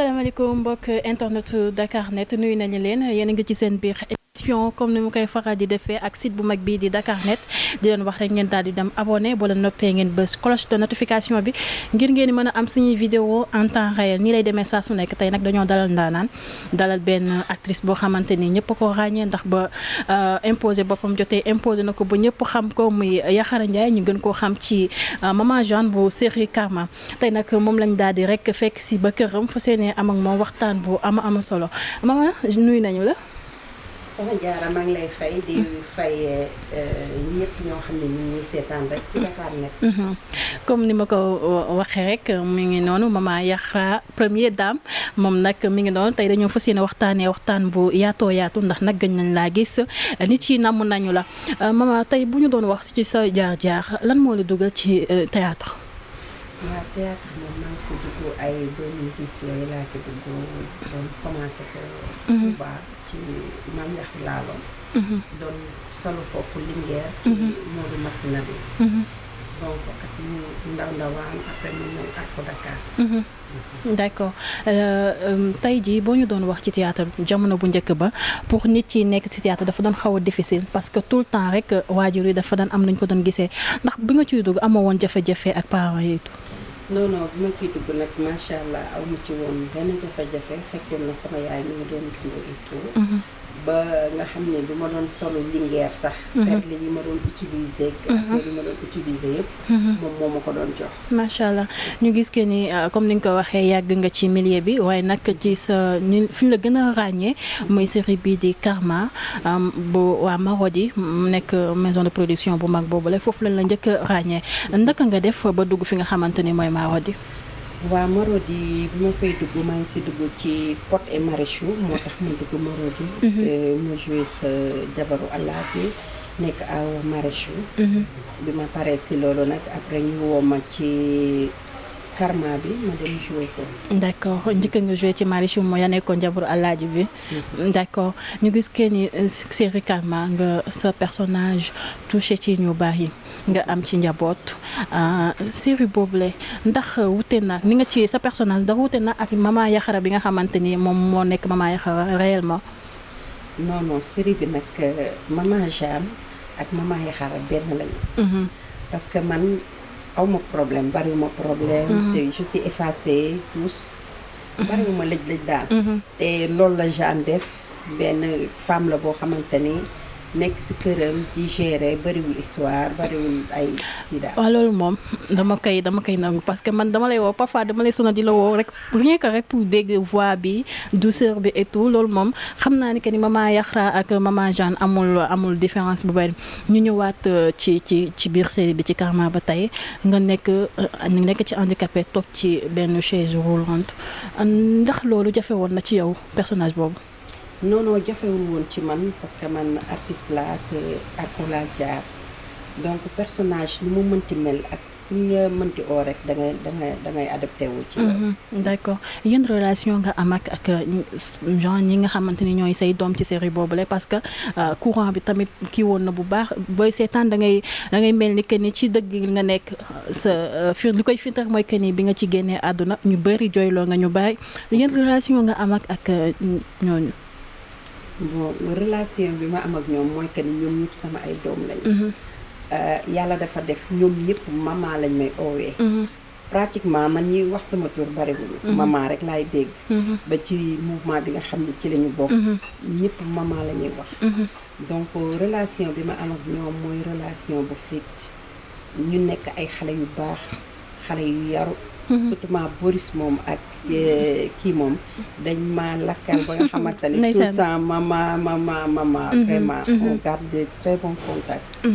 asalaamaaleykum mbokk internet Dakar net nuyu nañu leen yéen a ngi ci seen biir. question comme ni mu koy faral di defee ak site bu mag bii di Dakarnet di leen wax rek ngeen daal di dem abonné boo leen noppee ngeen bës cloche de notification bi ngir ngeen mën a am suñuy vidéo en temps réel nii lay demee saa su nekk tey nag dañoo dalal ndaanaan dalal benn actrice boo xamante ni ñëpp ko ràññee ndax ba euh, imposé boppam jotee imposé na ko ba ñëpp xam ko muy Yaxara Ndiaye ñu gën koo xam ci euh, maman Jeanne bu série Karma tey nag moom lañ daal di rek fekk si ba këram fu seenee am ak moom waxtaan bu ama ama solo maman nuyu nañu la. maa ngi lay fay mm-hmm. fay eh, mm-hmm. comme ni ma ko eh, waxee rek mu ngi noonu maman Yaxra premier dame moom nag mi ngi noonu tey dañoo fas yéene waxtaanee waxtaan bu yaatoo yaatu ndax nag gën nañ laa gis nit yi nam nañu la eh, maman tey bu ñu doon wax ci sa jaar-jaar lan moo la dugal ci théâtre ci maam Yax Laalo mhm. doon mhm. mhm. euh, euh, tey jii boo ñu doon wax ci théâtre jamono bu njëkk ba pour nit ci nekk ci théâtre dafa doon xaw a difficile parce que tout le temps rek euh, waajur yi dafa daan am nañ ko doon gisee ndax bi nga ciy dugg amoo woon jafe-jafe ak parents yi non non bi ma ciy dugg nag macha allah aw ma ci woon benn jafe-jafe fekkoon na sama yaay mi ngi doon dund et tout. Mhm. ba nga xam ne bi ma doon solu lingeer sax perle mhm. mhm. mhm. allah ñu gis que ni ah, comme ni nga ko waxee yàgg nga ci milieu bi waaye nag ci sa ni fi la gën a ràññee mooy série bii di Karma bu waa Marodi nekk maison de production bu mag boobu la foofu lañ la njëkk a ràññee ndaka nga def ba dugg fi nga xamante ni mooy Marodi waa Marodi bi ma fay dugg maa ngi si dugg ci Pod et Marichou moo tax ma dugg Marodi. Mhm. Euh, ma joué euh, jabaru allah bi nekk aw Marichou. Mhm. bi ma paree si loolu nag après ñuy woo ma ci. karma bi ma dem joué ko. d' accord njëkk nga joué ci Marichou mooy ya nekkoon jabaru alaaji bi. Mhm. d' accord ñu gis que ni euh, série nga sa personnage touché ci ñu baax yi. nga am ci njaboot euh, série boobule ndax wute na ni nga ci sa personnage ndax wute na ak Mama Yaxara bi nga xamante ni moom moo nekk Mama Yaxara réellement. non non série bi nag euh, Mama Jeanne ak Mama Yaxara benn lañu. Mhm. parce que man aw ma problème bariwuma problème. Mhm. te je suis effacée mhm. bariwuma lëj lëj daal. te loolu la Jeanne def benn femme la boo xamante ni. nekk si këram di gérer bëriwul histoire bëriwul ay waaw loolu moom dama koy dama koy nangu parce que man dama lay woo parfois dama lay sonal di la woo rek rien que rek pour dégg voix bi douceur bi et tout loolu moom xam naa ni que ni maman Yaxra ak maman Jeanne amul différence bu bari ñu ñëwaat euh, ci ci ci biir série bi ci carment ba tey nga nekk euh, nekk ci handicapé toog ci benn chaise roulante ndax loolu jafe woon na ci yow personnage boobu. non jofewul woon ci man parce que man artiste la te aku laa jaar donc personnage ni mu mënti mel ak fu ñu mënti oo rek da ngay da ngay adapté wu ci. Mhm, d' accord yéen relation nga am ak ak ñi nga xamante ni ñooy say doom ci série boobule parce que euh, courant bi tamit kii woon na bu baax booy seetaan da ngay da ngay mel ni que ni ci dëgg nga nekk sa euh, fir li koy firndeel mooy que ni bi nga ci génne àdduna ñu bëri jooyloo nga ñu bàyyi yéen relation nga am ak ak euh, ñooñu. bon relation bi ma am ak ñoom mooy que ni ñoom ñëpp sama ay doom lañ mhm. euh, yàlla dafa def ñoom ñëpp maman lañ may oowee mhm. pratiquement man ñuy wax sama tur bariwul mhm. maman rek laay dégg ba ci mouvement bi nga xam ne ci la ñu bokk ñëpp maman la wax donc euh, relation bi ma am ak ñoom mooy relation bu frit ñu nekk ay xale yu baax xale yu yaru Mm-hmm. surtout ma Boris moom ak eh, kii moom dañ ma lakkal ba nga mm-hmm. xamante ne tout le temps mama mama mama mm-hmm. vraiment on garde très bons contacts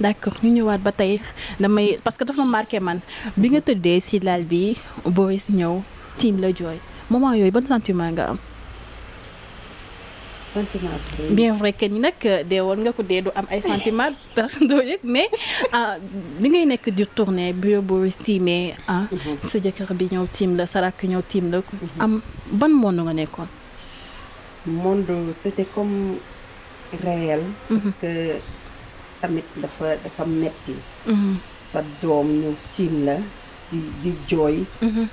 d'accord ñu ñëwaat ba tey damay parce que dafa marqué man bi nga tëddee si laal bi Boris ñëw tiim la jooy moment yooyu ban sentiment nga am sentiment bien vrai que ni nag euh, dee woon nga ko dee du am ay sentiment personne doo yëg mais euh, li ngay nekk di tourner bureau boo tiimee ah. Mhm. sa jëkkër bi ñëw tiim la sa rakk ñëw tiim la. Mhm. am ban monde nga nekkoon. monde c'était comme réel. Mhm. parce que tamit dafa dafa metti sa di di jooy.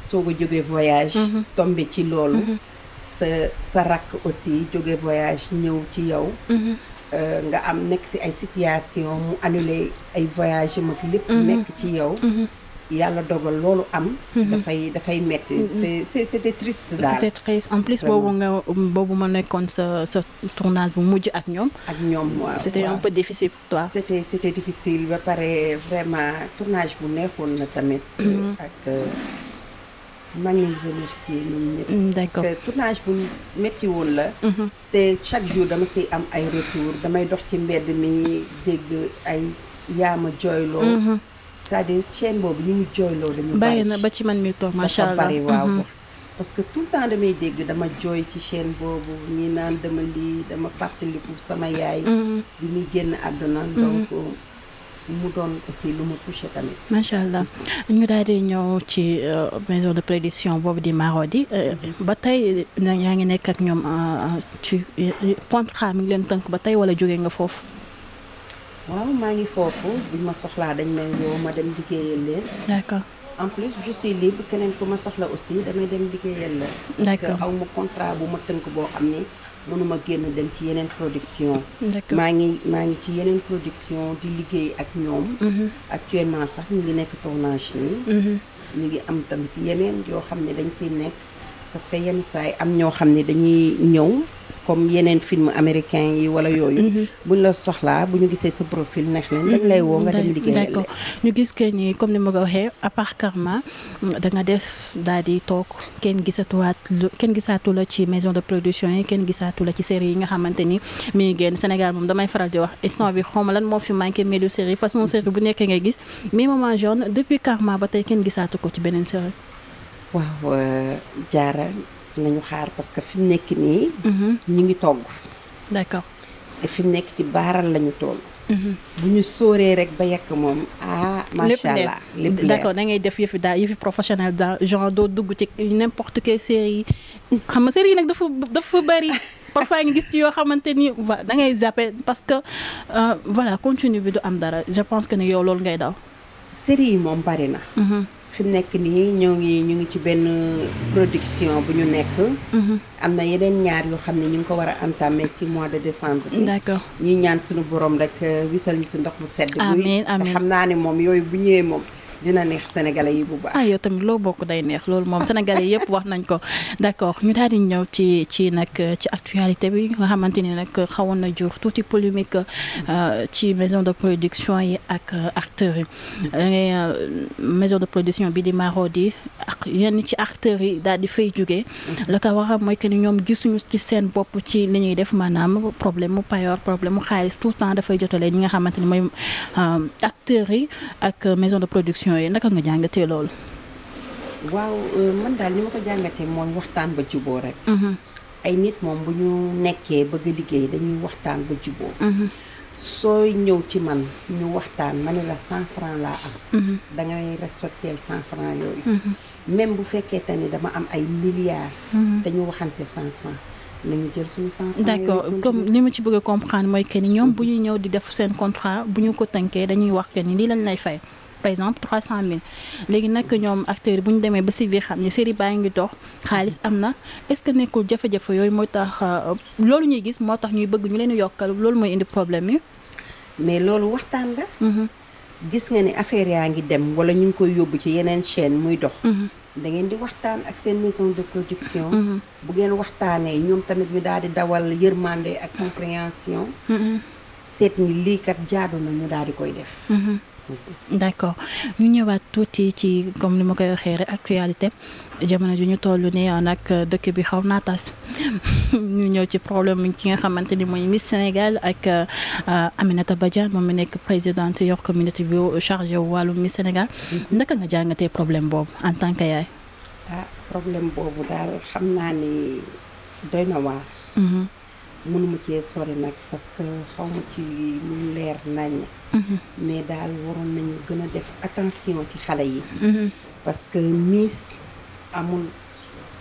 soo ko jógee voyage. tombé ci loolu. sa sa rakk aussi jóge voyage ñëw ci yow mhm. euh, nga am nekk si ay situation mu annulé ay voyage mag lépp mhm. nekk ci yow mhm. yàlla dogal loolu am. dafay dafay métti c'est c'était triste daal. c'était triste en plus boobu nga boobu ma nekkoon sa sa tournage bu mujj ak ñoom. ak ñoom waaw c'était un peu difficile pour toi. c'était c'était difficile ba pare vraiment tournage bu neexoon na tamit. ak. Euh, maa ngi leen remercier ñoom ñëpp. Mm, parce que tournage bu métti woon la. Mm-hmm. te chaque jour dama si am ay retour damay dox ci mbedd mi dégg ay yaama jooyloo. Mm-hmm. c'est-à-dire chaîne boobu ñu ngi jooyloo dañu. bari na ba ci man mi toog macha allah bari waaw. Mm-hmm. parce que tout le temps damay dégg dama jooy ci chaîne boobu ñi naan dama lii dama fàttaliku sama yaay. bi muy génn àdduna donc. mu doon aussi lu ma touché tamit. macha allah ñu daal di ñëw ci euh, maison de prédiction boobu di di euh, mm-hmm. ba tey yaa ngi nekk ak ñoom euh, ci contrat mi ngi leen tënk ba tey wala jóge nga foofu. waaw maa ngi foofu bi ma soxlaa dañ may woo ma dem liggéeyal leen. d'accord. en plus je suis libre keneen ku ma soxla aussi damay dem liggéeyal la. d'accord parce ma contrat bu ma tënk boo xam ni. mënuma génn dem ci yeneen production maa ngi maa ngi ci yeneen production di liggéey ak ñoom mhm. actuellement sax ñu ngi nekk tournage nii mhm. ñu ngi am tamit yeneen yoo xam ne dañ siy nekk parce que yenn saay am ñoo xam ne dañuy ñëw comme yeneen film américain yi wala yooyu. Mhm. buñ la soxlaa bu ñu gisee sa profil neex leen. dañ lay woo nga dem mhm. liggéeyal ko ñu gis que ni comme ni ma ko waxee à part Karma da nga def daal di toog kenn gisatuwaat kenn gisaatu la ci maison de production yi kenn gisaatu la ci série yi nga xamante ni mi ngi génn Sénégal moom damay faral di wax instant bi xaw ma lan moo fi manqué mais du série façon série bu nekk ngay gis mais maman Jaune depuis Karma ba tey kenn gisaatu ko ci beneen série. waaw euh, nañu xaar parce que fi mu nekk nii. Mhm. ñu ngi togg. d'accord te fi mu nekk ci baaral lañu toll. Mhm. bu ñu sooree rek ba yekk moom ah. macha allah lépp leer d'accord da ngay def yëfi daal yëfi professionnel daal genre doo dugg ci n'importe quelle série yi. xam nga série yi nag dafa dafa bari. parfois ñu gis ci yoo xamante ni wa da ngay jàppee parce que euh, voilà continue bi du am dara je pense que ne yow loolu ngay daw. série yi moom bari na. Mhm. fi mu nekk nii ñoo ngi ñu ngi ci benn production bu ñu nekk. Mhm. am na yeneen ñaar yoo xam ne ñu ngi ko war a entamer ci mois de décembre. d'accord ñuy ñaan suñu borom rek euh, wisal ñu si ndox bu sedd. amiin amiin te xam naa ne moom yooyu bu ñëwee moom. dina neex sénégalais yi bu baax. ah yow tamit bokk day neex loolu moom sénégalais yëpp wax nañ ko d' accord ñu daal di ñëw ci ci nag ci actualité bi nga xamante ni nag xawoon na jur tuuti polémique euh, ci maison de production yi ak euh, acteurs yi. Euh, maison production bi di Marodi ak yenn ci acteurs yi daal di fay jógee. Mhm. la ko waral mooy que ni ñoom gisuñu ci seen bopp ci li ñuy def maanaam problème mu payoor problème mu xaalis tout le temps dafay jotale ñi nga xamante ni mooy acteurs yi ak maison de production. élection yi naka nga jàngatee loolu. waaw euh, man daal ni ma ko jàngate mooy waxtaan ba juboo rek. Mm-hmm. ay nit moom bu ñu nekkee bëgg liggéey dañuy waxtaan ba juboo mm-hmm. sooy ñëw ci man ñu waxtaan ma ne la cent franc laa am. Mm-hmm. da ngay respecter cent franc yooyu. même bu fekkee tamit dama am ay milliards. te waxante cent franc nañu jël suñu cent franc. d'accord comme li ma ci bëgg a comprendre mooy que ni ñoom bu ñuy ñëw di def seen contrat bu ñu ko tënkee dañuy wax que ni lii lañ lay par exemple trois cent mille léegi nag ñoom acteurs yi bu ñu demee ba si biir xam ne série baa ngi dox xaalis am na est-ce que nekkul jafe-jafe yooyu mooy tax euh, loolu ñuy gis moo tax ñuy bëgg ñu leen yokkal loolu mooy indi problème yi. mais loolu waxtaan la. Mm-hmm. gis nga ni affaire yaa ngi dem wala ñu ngi koy yóbbu ci yeneen chaîne muy dox. Mm-hmm. da ngeen di waxtaan ak seen maison de production. Mm-hmm. bu ngeen waxtaanee ñoom tamit ñu daal di dawal yërmande ak compréhension. seet ni lii kat jaadu daal di koy def. d' accord ñu ñëwaat tuuti ci comme ni ma koy waxee rek actualité jamono ju ñu toll nii nag dëkk bi xaw naa tas ñu ñëw ci problème ki nga xamante ni mooy Miss Sénégal ak euh, Aminata Badiane moom mi nekk présidente yor communauté bi chargé wàllu Miss Sénégal. Mm-hmm. naka nga jàngatee problème boobu en tant que yaay. ah problème boobu mënuma cee sori nag parce que xaw ci lu leer nañ mhm. mais daal waroon nañu gën a def attention ci xale yi mhm. parce que miis amul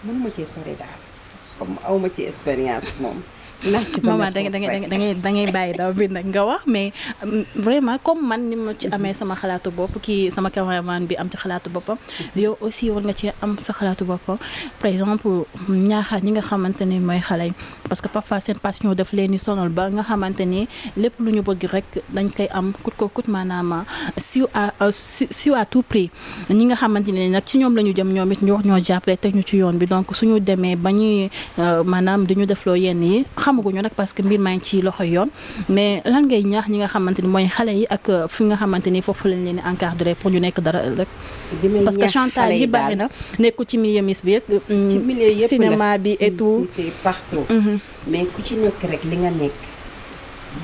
mënuma cee sori daal parce que comme awma ci expérience moom laaj a maman da ngay da ngay da ngay bàyyi daw bi nag nga wax mais mm, vraiment comme man ni ma ci amee sama xalaatu bopp kii sama cameraman bi am ci xalaatu boppam yow aussi war nga ci am sa xalaatu boppam par exemple ñaaxaat ñi nga xamante ni mooy xale yi parce que parfois seen passion daf leen di sonal ba nga xamante ni lépp lu ñu bëgg rek dañ koy am kut ko kut maanaam si à euh, si à tout prix ñi nga xamante ne nag ci ñoom la ñu jëm ñoom it ñu wax ñoo jàppale teg ñu ci yoon bi donc suñu demee ba ñuy euh, maanaam dañu defloo yenn yi xamaguñu nag parce que mbir maa ngi ci loxo yoon mais lan ngay ñaax ñi nga xamante ni mooy xale yi ak euh, fi nga xamante ni foofu lañ leen di encadré pour ñu nekk dara rek parce que chantage yi bari na nekku ci milieu mis bi yëpp ci mm, milieu yëpp cinéma bi et mm-hmm. mais ku ci nekk rek li nga nekk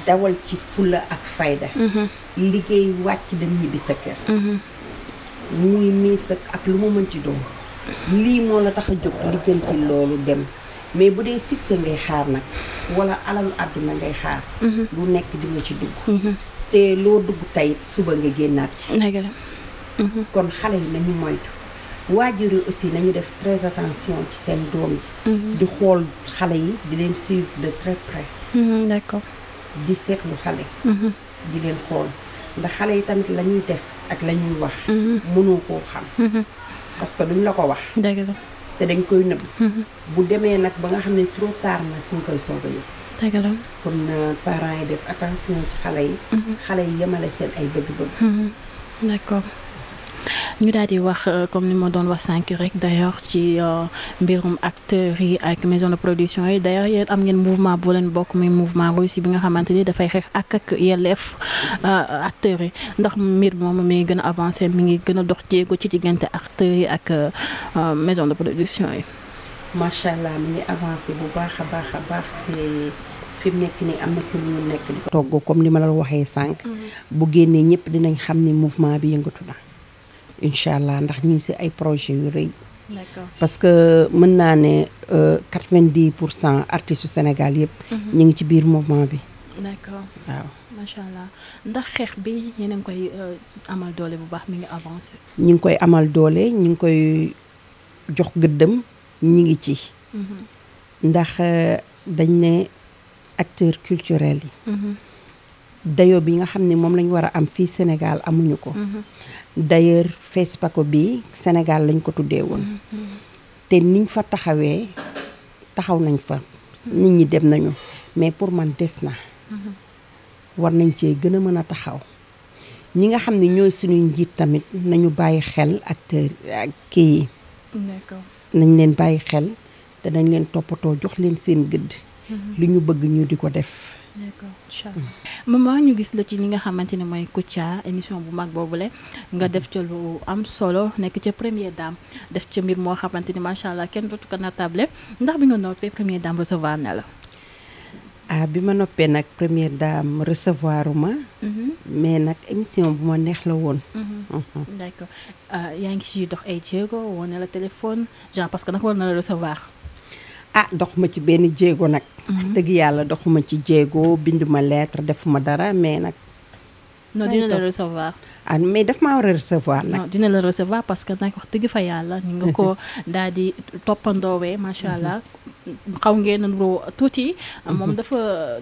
dawal ci fulla ak fayda mm-hmm. liggéey wàcc dem ñibbi sa kër mm-hmm. muy miis ak lu mu mënti doon lii moo la tax a jóg lijjanti loolu dem mais bu dee succès ngay xaar nag wala alalu àdduna ngay xaar mhm. lu nekk di nga ci dugg mhm. te loo dugg tey suba nga génnaat ci mhm. kon xale yi nañu moytu waa yi aussi nañu def très attention ci seen doom yi di xool xale yi di leen suivre de très près d'accord di seetlu xale di leen xool ndax xale yi tamit la ñuy def ak la ñuy wax mënoo koo xam parce que duñ la ko wax dëgg la te dañ koy nëbb mhm. bu demee nag ba nga xam ne trop tard na suñ koy soog a yëg comme na parents yi def attention ci xale yi mhm. xale yi yemale seen ay bëgg-bëgg mhm. d'accord ñu daal di wax euh, comme ni ma doon wax sànq rek d'ailleurs ci euh, mbirum acteurs yi ak maison de production yi d'ailleurs yéen am ngeen mouvement boo leen bokk muy mouvement si bi nga xamante ni dafay xeex ak ak yelleef euh, acteurs yi ndax mbir moom mi gën a avancé mi ngi gën a dox jéego ci diggante acteurs yi ak maison de production yi. macha allah mi ngi avancé bu baax a baax a baax fi mu nekk nii am na ci lu nekk togg comme ni ma la waxee sànq. Mm-hmm. bu génnee ñëpp dinañ xam ni mouvement bi yëngatu na. incha allah ndax ñu ngi si ay projet yu rëy. d'accord parce que mën naa ne euh, quatre-vingt-dix pour cent artistes Sénégal yëpp. Mhm. ñu ngi ci biir mouvement bi. d'accord waaw. macha allah ndax xeex bi yéen a ngi koy euh, amal doole bu baax mi ngi avancé. ñu ngi koy amal doole ñu ngi koy jox gëddëm ñu ngi ci. Mhm. ndax euh, dañ ne acteur culturels yi. Mhm. dayo bi nga xam ne moom lañ war a am fii Sénégal amuñu ko mm-hmm. d'ailleurs FESPACO bi Sénégal lañ ko tuddee woon mm-hmm. te niñ fa taxawee taxaw nañ fa nit ñi dem nañu mais pour man des na mm-hmm. war nañ cee gën a mën a taxaw ñi nga xam ne ñooy suñuy njiit tamit nañu bàyyi xel acteur ak kii yi nañ leen bàyyi xel te nañ leen toppatoo jox leen seen gëdd li ñu bëgg ñu di ko def d'accord incha allah ñu gis la ci li nga xamante ne mooy Kouthia émission bu mag boobule nga def ca lu am solo nekk ca première dame def ca mbir moo xamante ni macha allah kenn dootu ko natable ndax bi nga noppee première dame recevoir na ah bi ma noppee nag première dame recevoir ma. Mhm. mais nag émission bu ma neex la woon. Mhm. Mhm. Ah, yaa ngi ciy dox ay jéego woon na la téléphone genre parce que nag war na la recevoir. ah dox ci benn jéego nag. Mm-hmm. dëgg yàlla doxuma ci jéego binduma lettre defuma dara mais nag. non dina la recevoir. Ah, mais daf ma war a recevoir nag. dina la parce que nag wax dëgg fa yàlla ni nga ko daal di toppandoowee macha allah. xaw ngeen nuroo tuuti. Mm-hmm. moom dafa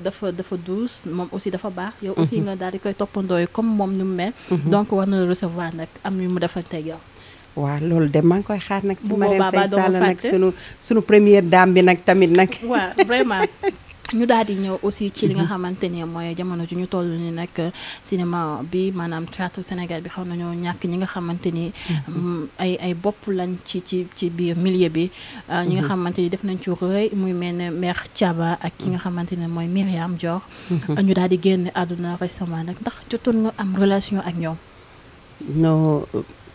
dafa dafa douce moom aussi dafa baax. yow aussi mm-hmm. nga daal di koy toppandoo comme moom ni mu mel. donc war na recevoir nag am yu mu defanteeg yow. waaw loolu de maa ngi koy xaar nag. ci Marème Faye Sall nag sunu sunu première dame bi nag tamit nag. waaw vraiment. ñu daal di ñëw aussi ci li nga mhm. xamante ne mooy jamono ju ñu toll ni nag euh, cinéma bi maanaam théâtre Sénégal bi xaw nañoo ñàkk ñi nga xamante ni mhm. ay ay bopp lañ ci ci ci biir millier bi euh, ñi nga mhm. xamante ni def nañ ci rëy muy mel ne Mère Thiaba ak ki nga xamante ne mooy Myriam Dior ñu daal di génn àdduna récemment nag ndax jotoon nga am relation ak ñoom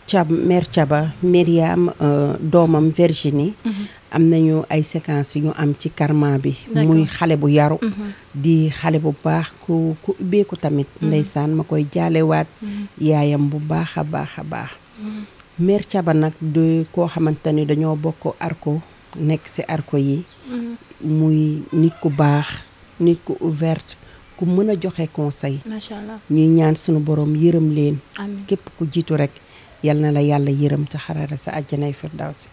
cab mère Thiaba Myriam euh, doomam Virginie mm-hmm. am nañu ay séquences yu ñu am ci carment bi muy xale bu yaru mm-hmm. di xale bu baax ku ku tamit mm-hmm. ndeysaan ma koy jaalewaat yaayam bu baax a baax a baax mère Thiaba nag de koo xamante ni dañoo bokk arko nekk ci arko yi muy nit ku baax nit ku ouverte ku mën a joxe conseil macha allah ñuy ñaan sunu borom yërëm leen képp ku jiitu rek yal na la yàlla yërëm ca xarara sa àjjanay firdawsi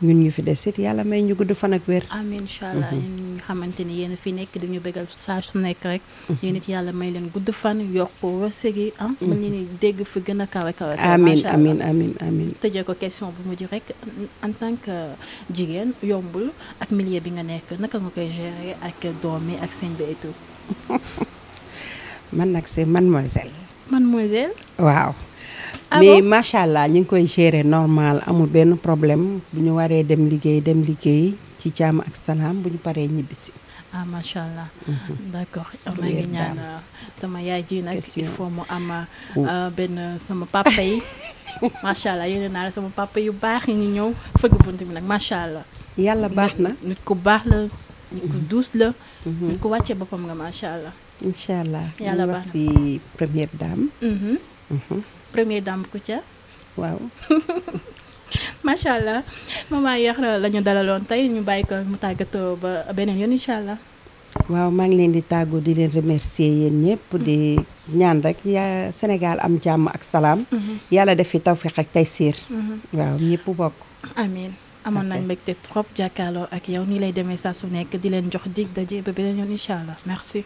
ñun ñu fi des it yàlla may ñu gudd fan ak wér amiin incha allah mhm. ñu xamante ni yéen fi nekk dañu bégal saa su nekk rek mhm. yéen it yàlla may leen gudd fan yokk wërsëg yi am ah. mhm. mën ñu ni dégg fi gën a kawe kawe amiin amiin amiin amiin tëjee ko question bu mujj rek en tant que jigéen yombul ak millier bi nga nekk naka nga koy gérer ak doom ak sëñ bi tout man nag c'est mademoiselle mademoiselle waaw Ah mais macha allah ñu ngi koy gérer normal amul benn problème bu ñu waree dem liggéey dem liggéey ci jàmm ak salaam bu ñu paree ñibbisi. ah macha allah. Mhm. d'accord maa ngi ñaan euh, sama yaay ji nag il faut mu am euh, euh, benn sama papa yi macha allah yéene naa la sama papa yu baax yi ñu ñëw fëgg bunt bi nag macha allah. yàlla baax na nit ku baax la. nit ku mhm. duus la. Mhm. nit ku wàccee boppam nga macha allah. incha allah yàlla baax na première dame ca waaw macha allah ma Yaxra la lañu dalaloon tey ñu bàyyi ko mu tàggatoo ba beneen yoon incha allah. waaw maa ngi leen di tàggoo di leen remercier yéen ñëpp di ñaan rek ya Sénégal am jàmm ak salaam. Mhm. yàlla def fi tawfiq ak taysiir. Mhm. waaw ñëpp bokk. amiin amoon nañ mbégte trop jàkkaarloo ak yow nii lay demee saa su nekk di leen jox dig daje ba beneen yoon incha allah merci.